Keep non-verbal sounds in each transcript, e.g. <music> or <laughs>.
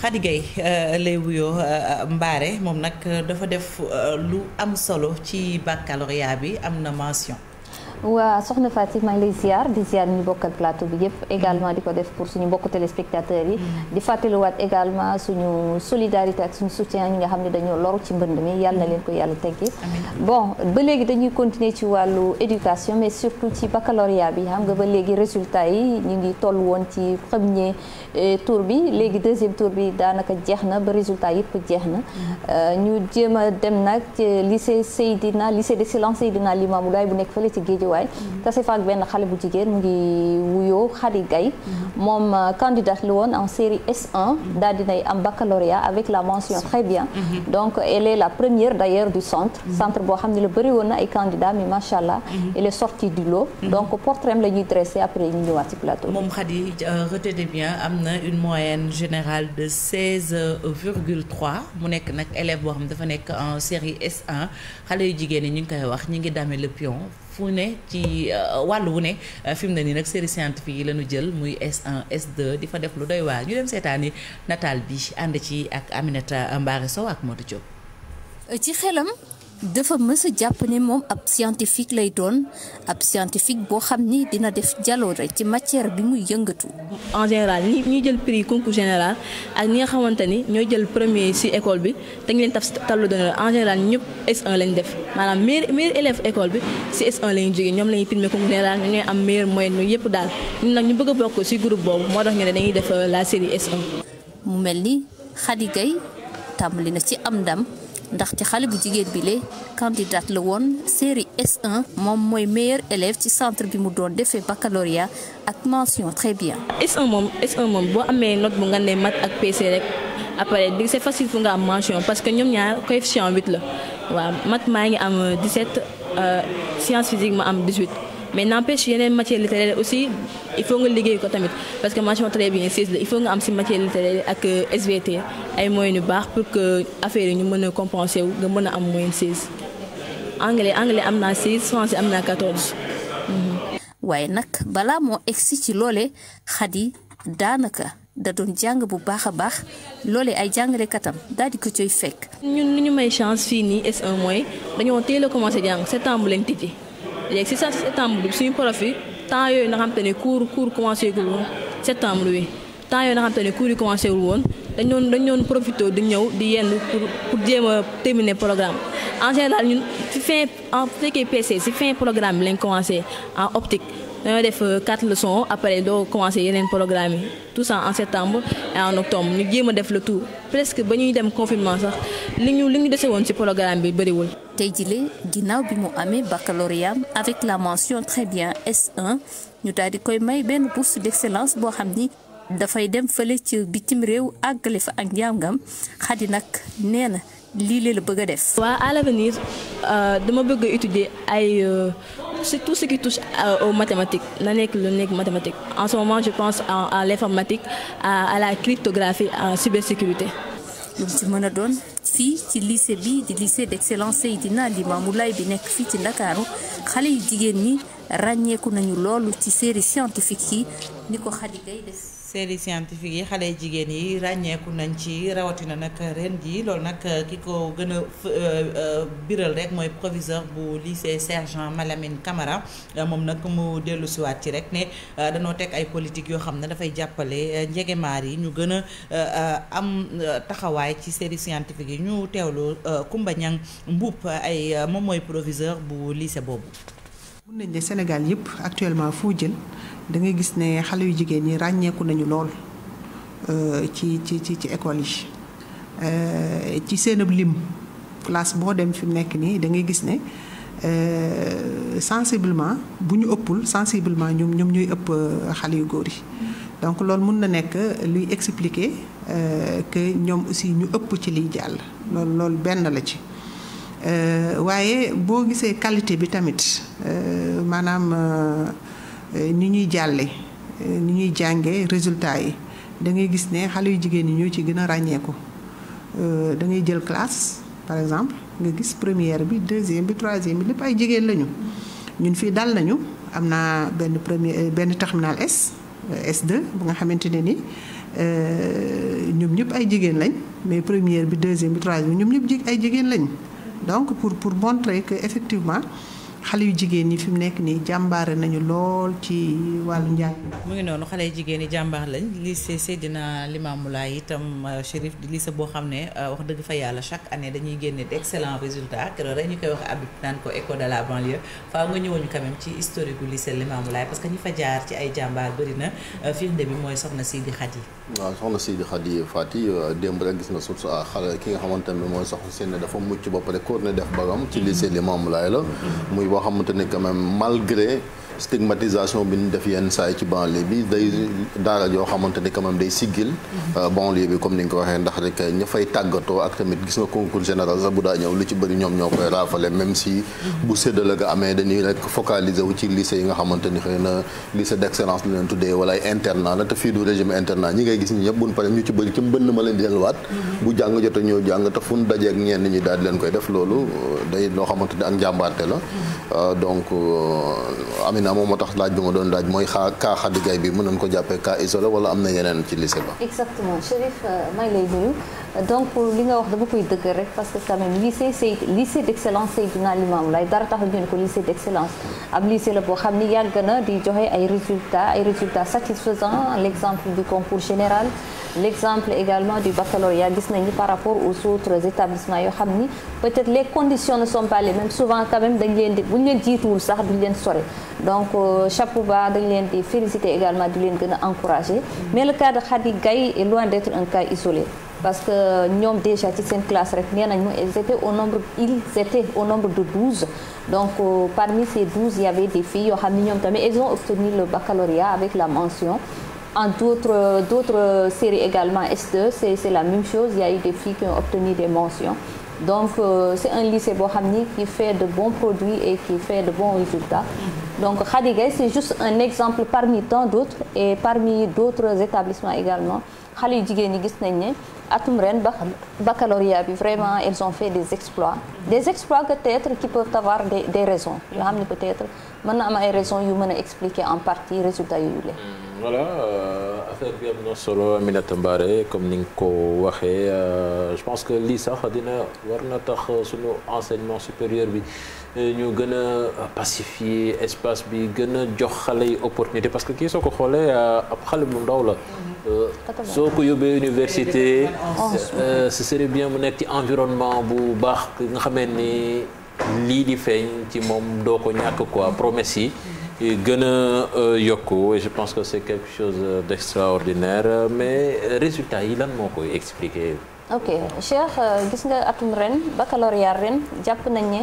Khady Gaye euh, lay wuyoo euh, Mbaare moom nag dafa def euh, lu am solo ci baccalauréat bi am na mention waa soxna Fatick maa ngi lay ziar di ziar ñu bokkal plateau bi yëpp également di ko def pour suñu mbokk téléspectateurs yi mm-hmm. di fàttaliwaat également suñu solidarité ak suñu soutien ñi nga xam ne dañoo loru ci mbënd mi yàlla na leen ko yàlla teggi bon ba léegi dañuy continuer ci wàllu éducation mais surtout ci baccalauréat bi xam nga ba léegi résultat yi ñu ngi toll woon ci premier eh, tour bi léegi deuxième tour bi daanaka jeex na ba résultat yëpp jeex na mm-hmm. euh, ñu jëm a dem nag lycée Seydina lycée d'excellence Seydina Limamou Laye bu nekk ci Géejawaay Guédiawaye mhm. tase fa benn xale bu jigéen mu ngi wuyoo Khady Gaye mhm. moom euh, candidate la woon en série S1 mhm. daal dinay am baccalauréat avec la mention très bien donc elle la première d'ailleurs du centre centre boo xam ne la bëri woon na ay candidats mais macha allah elle est du lot donc portrait am la ñuy dressé après ñu ñëwaat ci plateau moom Khady euh, bien am na une moyenne générale de 16 virgule 3 mu nekk nag élève boo xam dafa nekk en série S1 xale yu jigéen ñi ñu ngi koy wax ñu ngi dame le pion fu ne ci euh, wàll wu ne euh, fi mu ne nii nag série scientifique yi lanu jël muy s di fa def lu doy waar ñu dem seetaani nataal bi ànd ci ak Aminata Mbaare Sow ak Modou Diop. Euh, ci xelam dafa mës a jàpp ne moom ab scientifique lay doon ab scientifique boo xam ni dina def jaloore ci matière bi muy yëngatu. en général ñi ñuy jël prix concours général ak ñi nga xamante ni ñoo jël premier ci école bi dañ leen taf tableau d'honneur en général ñëpp S1 lañ def maanaam meilleur meilleur élève école bi ci S1 lañu jógee ñoom lañuy primé concours général ñooy am meilleur moyenne ñu yëpp daal ñun nag ñu bëgg bokk ci groupe boobu moo tax ñu ne dañuy def euh, la série S1. mu mel ni Khady Gaye tàmbali na ci am ndam. ndaxte xale bu jigéen bi le candidate la woon série S1 moom mooy meilleur élève ci centre bi mu doon defee baccalauréat ak mention très bien. S1 moom S1 moom boo amee not bu nga ne mat ak PC rek après di c'est facile pour nga am mention parce que ñoom ñaar coefficient 8 la waaw mat maa ngi am 17 euh, science physique ma am 18. mais n'empêche yeneen matière littéraire aussi il faut nga liggéey ko tamit parce que mention très bien six la il faut nga am si matière littéraire ak euh, SVT ay moyens yu baax pour que affaire yi ñu mën a compenser wu nga mën a am moyenne six anglais am na six français am naa quatorze mhm. waaye nag balaa moo egsi ci loole Khady daanaka da doon jàng bu baax a baax loole ay jàngalekatam daal di ko coy fekk. ñun li ñu may chance fii nii S1 mooy dañoo teel a commencé jàng septembre lañ tijji. léegi si sax septembre bi suñu prof yi temps yooyu nga xam te ne cours cours commencé gul woon septembre bi temps yooyu nga xam te ne cours yi commencé wul woon dañ doon dañ doon profité di ñëw di yenn pour pour jéem a terminer programme en général ñu fi fin en fekkee PC si fin programme bi lañ commencé en optique dañoo def euh, quatre leçons après doo commencé yeneen programme yi tout ça en septembre et en octobre ñu jéem a def le tout presque ba ñuy dem confinement sax li ñu li ñu dese woon ci programme bi bëriwul. tey jile ginnaaw bi mu amee baccalauréat avec la mention très bien S1 ñu daal di koy may benn bourse d'excellence boo xam ni dafay dem fële ci bitim réew àggale fa ak njàngam xadi nag nee na lii la bëgg a def. waa à l'avenir euh, dama bëgg a ay. Euh, c'est tout ce qui touche à, aux mathématiques na nekk lu nekk mathématique en ce moment je pense à, à l'informatique à, la cryptographie en cybersécurité lu mu ci mën a doon fii ci lycée bi di lycée d'excellence Seydina Limamou Laye bi nekk fii ci Ndakaaru xale yu jigéen ñi ràññeeku nañu loolu ci série scientifique yi ni ko Khady Gaye def série scientifique yi xale jigéen yi ràññeeku nañ ci rawatina nag ren jii loolu nag euh, ki ko gën a euh, euh, biral rek mooy proviseur bu lycée sergent Malamine Camara moom nag mu dellu siwaat ci rek ne danoo teg ay politique yoo xam ne dafay jàppale njegemaar yi ñu gën a am taxawaay ci série scientifique yi ñu teewlu Kumba Ñang Mbuup ay moom mooy proviseur bu lycée boobu mun nañ ne Sénégal yëpp actuellement foo jël da ngay gis ne xale yu jigéen ñi ràññeeku nañu lool euh, ci ci ci ci école yi euh, ci seen lim place boo dem fi nekk nii da ngay gis ne euh, sensiblement bu ñu ëppul sensiblement ñoom ñoom ñuy ëpp xale yu góor yi. donc loolu mun na nekk luy expliquer que ñoom aussi ñu ëpp ci liy jàll loolu loolu benn la ci. Euh, waaye boo gisee qualité bi tamit euh, maanaam euh, ni ñuy jàlle ni ñuy jànge résultat yi da ngay gis ne xale yu jigéen ñi ñoo ci gën a ràññeeku da ngay jël classe par exemple nga gis première bi deuxième bi troisième bi lépp ay jigéen lañu ñun fii dal nañu am naa benn premier benn terminal S s bu nga xamante ne ni ñoom ñëpp ay jigéen lañ mais première bi deuxième bi troisième bi ñoom ñëpp ay jigéen lañ. donc pour pour montrer que effectivement xale yu jigéen ñi fi mu nekk nii jàmbaare nañu lool ci wàllu njàng. mu ngi noonu xale yu jigéen ñi jàmbaar lañ lycée Seydina Limamoulaye itam euh, Chérif di lycée boo xam ne euh, wax dëgg fa yàlla chaque année dañuy génne d'excellents résultats keroog rek ñu koy wax Habib naan ko école de la banlieue faaw nga ñëwoon ñu quand même ci historique gu lycée Limamoulaye parce que ñi fa jaar ci ay jàmbaar bëri na euh, firnde bi mooy soxna Sidi Khady. waaw soxna Sidi Khady Fati gis nga surtout ah, xale ki nga xamante ne mooy soxna Sène dafa mucc ba pare def bagam ci lycée Limamoulaye la mm-hmm. boo xamante ni quand même malgré stigmatisation bi ñu def yenn saa ci banlieue bi day daara joo xamante ni day siggil euh, banlieue bi comme ni nga waxee ndax rek ña tàggatoo ak tamit gis nga concours général sax bu daa ñëw lu ci bëri ñoom ñoo koy raafale même si bu séddale nga amee dañuy rek focaliser wu ci lycée yi nga xamante ni na lycée d'excellence leen tuddee wala internat la te fii du régime internat ñi ngay gis ñi ñëpp pare ñu ci bëri ci mbënn ma leen di delluwaat mm-hmm. bu jàng jote ñoo jàng te fu ñu dajeek ñenn ñi daal naa moom moo laaj bi doon laaj mooy xaa kaa Khady bi mën nañ ko jàppee cas isolé wala am na yeneen ci lycée ba exactement Chérif euh, maa ngi lay donc li nga wax dama koy dëgg rek parce que quand même lycée Sey lycée d'excellence Seydina Limamou dara tax ñu d'excellence ab lycée la boo xam ni yàgg na di joxe ay résultats ay résultats satisfaisants l'exemple du concours général l'exemple également du baccalauréat gis nañu par rapport aux autres établissements yoo xam ni peut-être les conditions ne sont pas les mêmes souvent quand même dañ leen di bu ñu leen jiituwul sax duñ leen sore donc euh, chapeau bas dañ leen di féliciter également di leen gën a encourager mais le cas de Khady est loin d'être un cas isolé parce que ñoom déjà ci seen classe rek nee nañu ils étaient au nombre ils nombre de 12 donc euh, parmi ces 12 y avait des filles yoo xam ni ñoom tamit elles ont la mention En d'autres, d'autres séries également, S2, c'est, c'est la même chose. Il y a eu des filles qui ont obtenu des mentions. Donc, euh, c'est un lycée Bohamni qui fait de bons produits et qui fait de bons résultats. Donc, Khadigay, c'est juste un exemple parmi tant d'autres et parmi d'autres établissements également. Khalid Atumren, baccalauréat, vraiment, elles ont fait des exploits. Des exploits peut-être qui peuvent avoir des, des raisons. Peut-être, maintenant, il y a des raisons qui expliquer en partie les résultats. voilà euh, affaire bi am na solo Aminata Mbaré comme ni nga ko waxee euh, je pense que lii sax dina war na tax suñu enseignement supérieur bi euh, ñu gën a pacifier espace bi gën a jox xale yi opportunité parce que kii soo ko xoolee ab xale bu ndaw la. soo ko yóbbee université. ce serait bien mu nekk ci environnement bu baax nga xamee ni lii di feeñ ci moom doo ko ñàkk quoi promesse yi. gën a euh, yokku je pense que c'est quelque chose d'extraordinaire mais euh, résultat yi lan moo koy expliquer ok Cheikh euh, gis nga atum ren baccalauréat ren jàpp nañ ne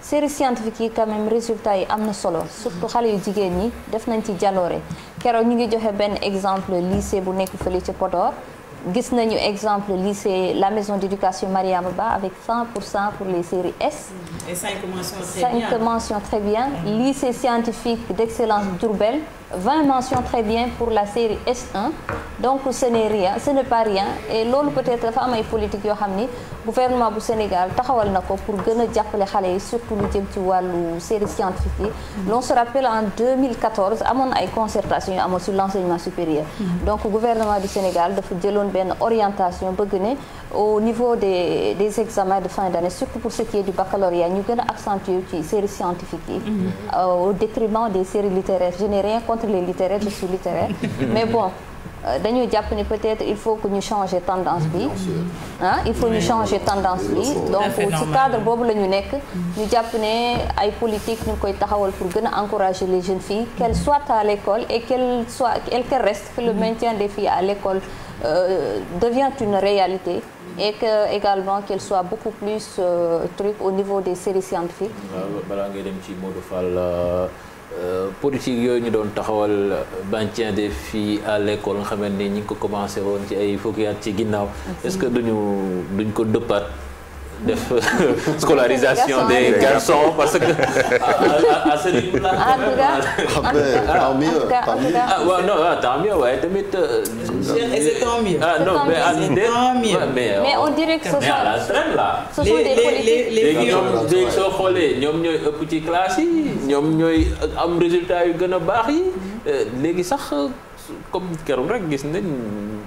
série scientifique yi quand même résultat yi am na solo surtout xale yu jigéen ñi def nañ ci jaloore keroog ñu ngi joxe benn exemple lycée bu nekk fële ci Podor gis nañu exemple lycée la maison d'éducation Mariama Ba avec 100 pour cent pour les séries S. et cinq mentions très bien cinq mentions très bien. lycée scientifique d'excellence Diourbel. 20 mentions très bien pour la série S1 donc ce n'est rien ce n'est pas rien et loolu peut-être dafa am ay politique yoo xam ni gouvernement bu Sénégal taxawal na ko pour gën a jàppale xale yi surtout lu jëm ci wàllu série scientifique yi mm-hmm. l'on se rappelle en 2014 amoon ay concertation yu amoon sur l'enseignement supérieur mm-hmm. donc gouvernement du Sénégal dafa jëloon benn orientation bëgg ne au niveau des des examens de fin d'année surtout pour ce qui est du baccalauréat ñu gën a accentuer ci séries scientifiques yi. Mhm. Euh, au détriment des séries littéraires je n'ai rien contre les littéraires je suis littéraire <laughs> mais bon. Euh, dañu jàpp ni peut-être il faut que ñu changer tendance bi ah il faut ñu changer tendance bi donc ci cadre boobu la ñu nekk mhm. ñu jàpp ne ay politique ñu koy taxawal pour gën a encourager les jeunes filles mhm. qu'elles soient à l'école et qu'elles soient qu'elles restent que le maintien des filles à l'école euh, devient une réalité et également qu'elle soit beaucoup plus euh, truc au niveau des séries scientifiques. waaw balaa ngay dem ci Modou Fall euh, euh, politique yooyu ñu doon taxawal maintien de filles à l'école nga xamante ni ñu ngi ko commencé woon ci ay fukki at ci ginnaaw. est-ce que duñu duñ ko dëppaat. def euh, <laughs> scolarisation des garçons parce que a ce rythme là waaw non waaw tant mieux waaye tamit ah, ah, euh, ah non mais mais on euh, dirait que ce sont ce sont des politiques léegi ñoom soo xoolee ñoom ñooy ëpp ci classe yi ñoom ñooy am résultat yu gën a baax yi léegi sax comme keroog rek gis nañ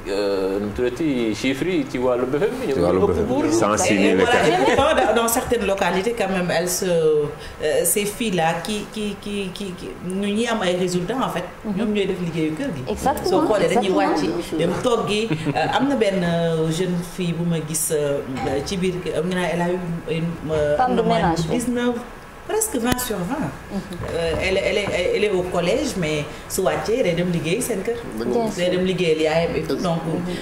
euh, nu mu tuddati chiffres ci wàllu BFM bi. ci wàllu BFM cent six mille et dans certaines localités quand même elles se euh, ces filles là qui ñu ñuy am ay résultats en fait. Mhm. ñoom ñooy def liggéeyu kër gi. soo xoolee dañuy wàcc dem togg gi euh, am na benn jeune fille bu ma gis ci biir gi am elle a eu une femme de ménage presque vingt sur vingt. Euh, elle elle est elle collège mais su wàccee day dem liggéey seen kër. day dem liggéeyal yaayam et tout donc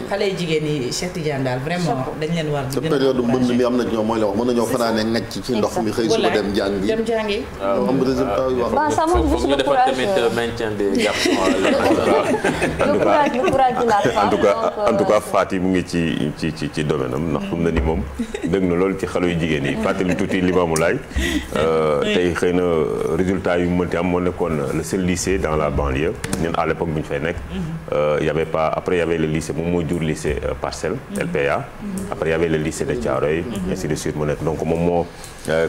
xale yu jigéen yi Cheikh Tidiane daal vraiment dañ leen war. di gën mi am na ñoo mooy la wax mën nañoo fanaane ngacc ci ndox mi xëy suba dem jàngi. dem jàngi waaw am ah, résultat yu wax. waaw sama en tout cas en tout cas euh, Faty mu ngi ci ci ci ci domaine am ndax fu mu ne nii moom dëgg na lool ci xale yi jigéen yi fàttali tuuti Limamou Laye euh, tey xëy na euh, résultat yu mënti am moo nekkoon euh, le seul lycée dans la banlieue. ñun à l'époque bu ñu fay nekk. Mhm. Euh, y avait pas après y avait le lycée moom moo jur lycée Parcelles. Mhm. LPA. Mhm. après y avait le lycée de Thiaroye. ainsi de suite donc moom moo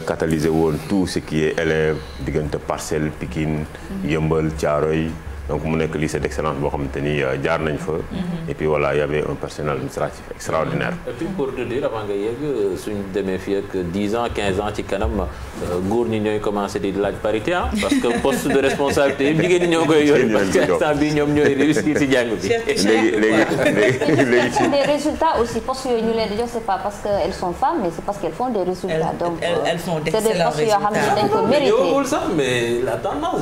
catalysé woon tout ce qui est élèves diggante Parcelles Pikine Yëmbal Thiaroye. donc mu nekk lycée d'excellence boo xamante ni euh, jaar nañ fa. Mhm. et puis voilà y avait un personnel administratif extraordinaire. et puis pour te dire avant nga yegg suñ demee fii ak 10 ans 15 ans ci kanam euh, góor ñi ñooy commencé di laaj parité ah parce que poste de responsabilité yëpp jigéen ñi ñoo koy yor. parce que ñoom ñooy réussir ci jàng bi. <laughs> léegi léegi léegi ci des résultats aussi postes yooyu ñu leen di jox c'est pas parce que sont femmes mais c'est parce qu'elles font des résultats. donc euh, c'est des postes yoo xam ne dañ ko mérité. mais la tendance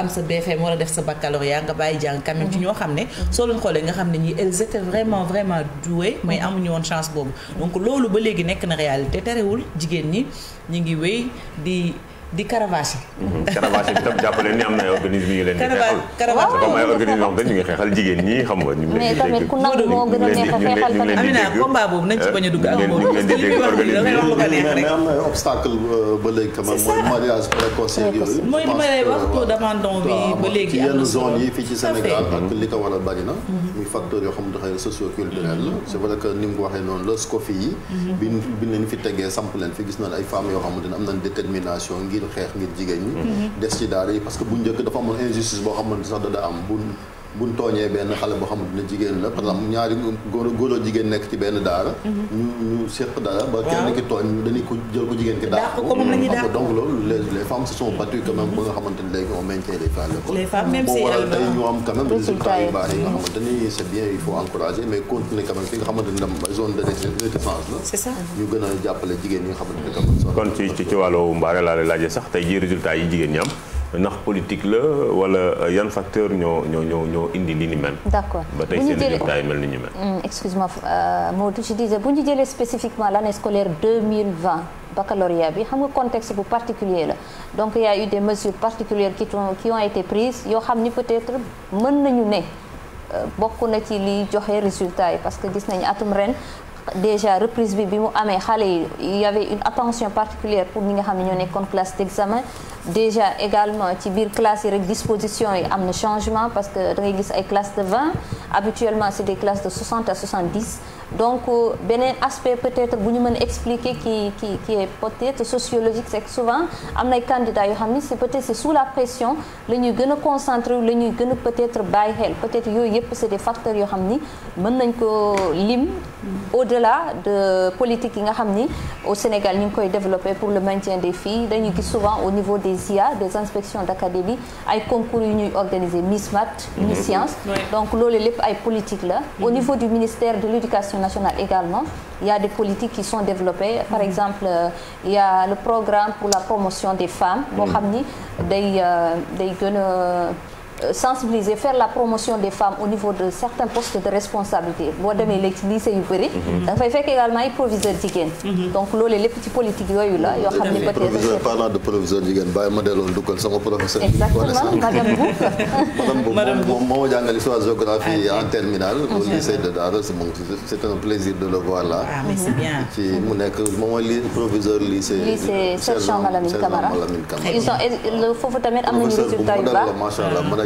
am sa BFM wala def sa baccalauréat nga bàyyi jàng quand ci ñoo xam ne soo leen xoolee nga xam ne ñi elles étaient vraiment vraiment douées mais amuñu woon chance boobu donc loolu ba léegi nekk na réalité terewul jigéen ñi ñi ngi wéy di di Caravaché. Mhm. Caravaché bi tam jàppale ni am na ay organisme yu leen di xeexal. Caravaché comme ay organisme yoo xam ne ñu ngi xeexal jigéen ñi xam nga. ñu ngi leen di dégg ñu ngi Amina combat boobu nañ ci eh? bañ a dugg ak moom ñu ngi leen di dégg organisme yi mais am na obstacle euh, ba léegi quand même mooy mariage précoce yeeg yooyu. mooy li ma lay wax taux d'abandon bi ba léegi. yenn zone yi fii ci Sénégal ak mhm. li ko war a bari na. Mhm. muy facteur yoo xam ne dafay socio-culturel la. c'est vrai que ni mu ko waxee noonu la SCOFI yi. bi ñu leen fi tegee samp leen fi gis nañ ay femmes yoo xamante ne am nañ détermination ngir lu xeex ngir jigéen ñi. des ci daara yi parce que bu njëkk dafa amoon injustice boo xamante sax da am bu buñ tooñee benn xale boo xamante ne jigéen la par exemple ñaari góor góor a jigéen nekk ci benn daara ñu ñu séq dara ba kenn ki tooñ ñu dañuy ko jël ko jigéen ki dàq ko donc loolu les les femmes se sont battues quand même ba nga xamante ne léegi on maintient les femmes l'école boo waral tey ñu am quand même résultat yu baax yi nga xamante ni c'est bien il faut encourager mais continuer quand même fi nga xamante ne zone de défense la c'est ça ñu gën a jàppale jigéen ñi nga xamante ne quand même kon ci ci wàllu mbaare laa lay laajee sax tey ji résultat yi jigéen ñi am ndax politique la wala euh, yan facteur ñoo ñoo ñoo ñoo indi li ni mel. d'accord ba tey seen résultat yi mel ni ñu mel. Mm, excuse-moi euh, Maodo je disais bu ñu jëlee bi xam nga contexte bu particulier la donc il y a eu des mesures particulières qui ont qui été prises yoo xam ni peut-être mën nañu ne. Euh, bokk na ci li joxe résultat yi parce que gis nañu atum ren déjà reprise bi bi mu amee xale yi y avait une attention particulière pour ñi nga xam ne ñoo nekkoon classe d'examen déjà également ci biir classe yi rek disposition yi am na changement parce que da ngay gis ay classe de 20 habituellement c'est des classes de 60 à 70 donc euh, beneen aspect peut-être bu ñu mën a expliquer qui qui qui est sociologique c'est que souvent am nay candidats yoo xam ni c'est peut-être c'est sous la pression la ñuy gën a concentré la gën a peut-être bàyyi xel peut-être yooyu yëpp c'est des facteurs yoo xam ni mën nañ ko lim au-delà de politique yi nga xam ni au Sénégal ñu ngi koy développer pour le maintien des filles dañuy gis souvent au niveau des IA des inspections d'académie ay concours yu ñuy organiser Miss Math mm-hmm. Miss Science donc loolu lépp ay politique la mm-hmm. au niveau du ministère de l'éducation internationale également, il y a des politiques qui sont développées. Par mm. exemple, euh, il y a le programme pour la promotion des femmes. boo xam ni day euh, day gën a sensibiliser faire la promotion des femmes au niveau de certains postes de responsabilité boo demee léegi lycée yu bëri mhm. da nga fekk également ay proviseur jigéen mhm. donc loolu lépp ci politique yooyu la yoo xam ne peut-être de proviseur jigéen bàyyi ma delloon dugal sama professeur exactement madame Bouk madame Bouk moo ma jàngal histoire géographie ah, en terminale au lycée de Daara c'est un plaisir de le voir là ah, ci mu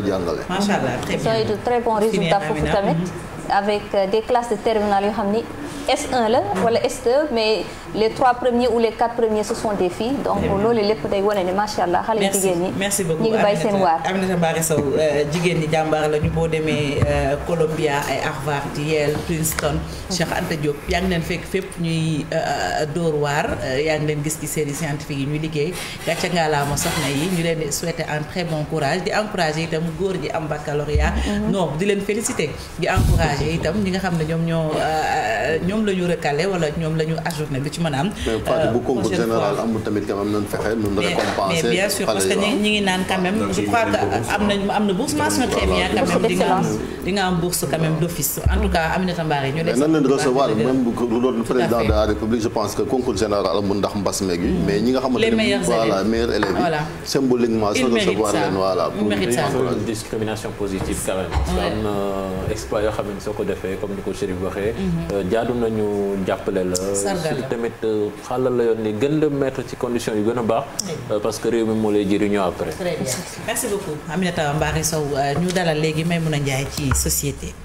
jàngale. macha allah très bien sooy très bon résultat foofu tamit. Mhm. avec euh, des classes de terminale yoo xam ni. S1 la wala S2 mais les trois premiers ou les quatre premiers ce sont des donc loolu lépp day wane ne macha allah xale jigéen ñi merci beaucoup ñu ngi bàyyi seen waar Aminata euh, jigéen ñi jàmbaar la ñu boo demee euh, Columbia ay Harvard Yale Princeton Cheikh Anta Diop yaa ngi leen fekk fépp ñuy euh, dóor waar yaa ngi leen gis ci série scientifique yi ñuy liggéey gàcce ngaalaama soxna yi ñu leen di souhaiter un très bon courage di encourager itam góor ji am baccalauréat mm-hmm. non di leen féliciter di encourager itam ñi nga xam ne ñoom ñoo ñoom la ñu recalé wala ñoom la ñu ajourné lu ci mën a am. Euh, bu concours général amul tamit am nañu fexe ñu récompenser mais bien sûr parce que ñi ngi naan quand même je crois que am nañu am na bourse mention très bien quand même di nga am di nga am bourse quand même d'office en tout cas Aminata Mbaré ñu def. nan leen recevoir même bu doon président de la République je pense que concours général amul ndax mbas meeg yi mais ñi nga xamante ne les meilleurs élèves voilà meilleurs élèves yi symboliquement soo recevoir leen voilà pour une discrimination positive quand même am na euh, exploit yoo xam ne soo ko defee comme ni ko Chérif waxee mhm. euh, nañu jàppale la surtout tamit euh, xàllal la yoon ni gën la ci condition yu gën a baax euh, parce que réew mi moo la lay jëriñoo après merci beaucoup Aminata Mbaare Sow euh, ñu dalal léegi a njaay ci société